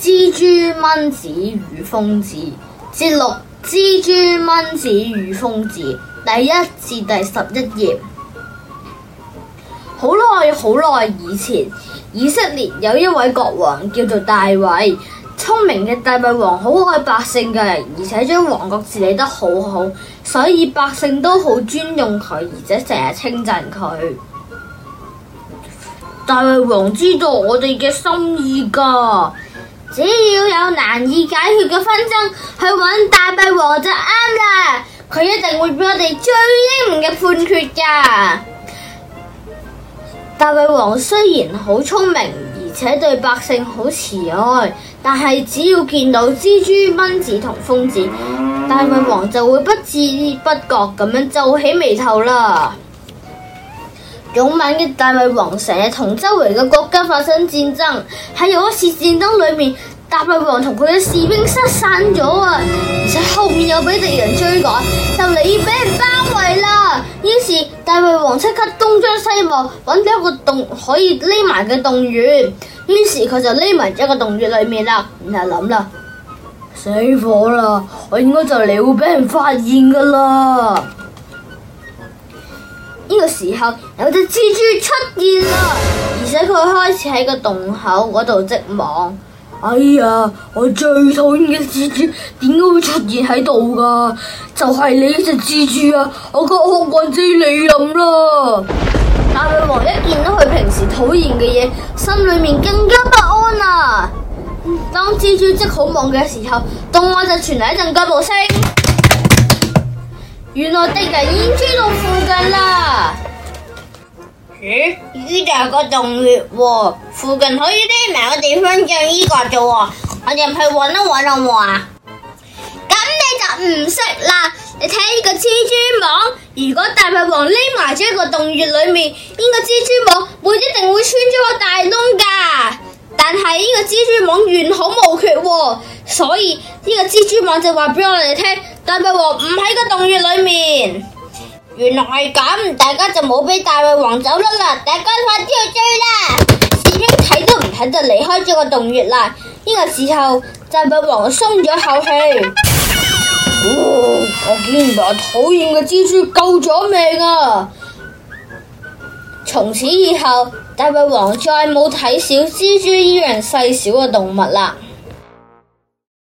蜘蛛蚊子與瘋子，節錄《蜘蛛蚊子與瘋子》第一至第十一頁。好耐好耐以前，以色列有一位國王叫做大衛，聰明嘅大衛王好愛百姓嘅，而且將王國治理得好好，所以百姓都好尊重佢，而且成日稱讚佢。大衛王知道我哋嘅心意㗎。只要有難以解決嘅紛爭，去揾大衛王就啱啦。佢一定會俾我哋最英明嘅判決㗎。大衛王雖然好聰明，而且對百姓好慈愛，但係只要見到蜘蛛、蚊子同瘋子，大衛王就會不知不覺咁樣皺起眉頭啦。勇猛嘅大衛王成日同周圍嘅國家發生戰爭，喺有一次戰爭裏面，大衛王同佢嘅士兵失散咗啊，而且後面又被敵人追趕，就嚟要俾人包圍啦。於是大衛王即刻東張西望，搵到一個洞可以匿埋嘅洞穴，於是佢就匿埋喺一個洞穴裏面啦。然後諗啦，死火啦，我應該就嚟會俾人發現噶啦。呢個時候有隻蜘蛛出現啦，而且佢開始喺個洞口嗰度織網。哎呀，我最討厭嘅蜘蛛點解會出現喺度噶？就係、是、你隻蜘蛛啊！我個好棍知你諗啦。大女王一見到佢平時討厭嘅嘢，心裏面更加不安啦、啊嗯。當蜘蛛織好網嘅時候，洞外就傳嚟一陣腳步聲。原來敵人已經追到附近啦？咦、嗯，呢度有個洞穴喎，附近可以匿埋嘅地方只有呢個啫、哦、啊？我哋去搵一搵好唔好啊？咁你就唔識啦，你睇呢個蜘蛛網，如果大蜜王匿埋喺個洞穴裏面，呢、呢個蜘蛛網會一定會穿咗個大窿噶。但係呢、這個蜘蛛網完好無缺，哦，所以呢、這個蜘蛛網就話俾我哋聽，大笨王唔喺個洞穴裏面。原來係咁，大家就冇俾大笨王走甩啦，大家快啲去追啦！士兵睇都唔睇就離開呢個洞穴啦。呢、這個時候，大笨王鬆咗一口氣，哦，我竟然俾我討厭嘅蜘蛛救咗命啊！從此以後，大胃王再冇睇小蜘蛛依樣細小嘅動物啦。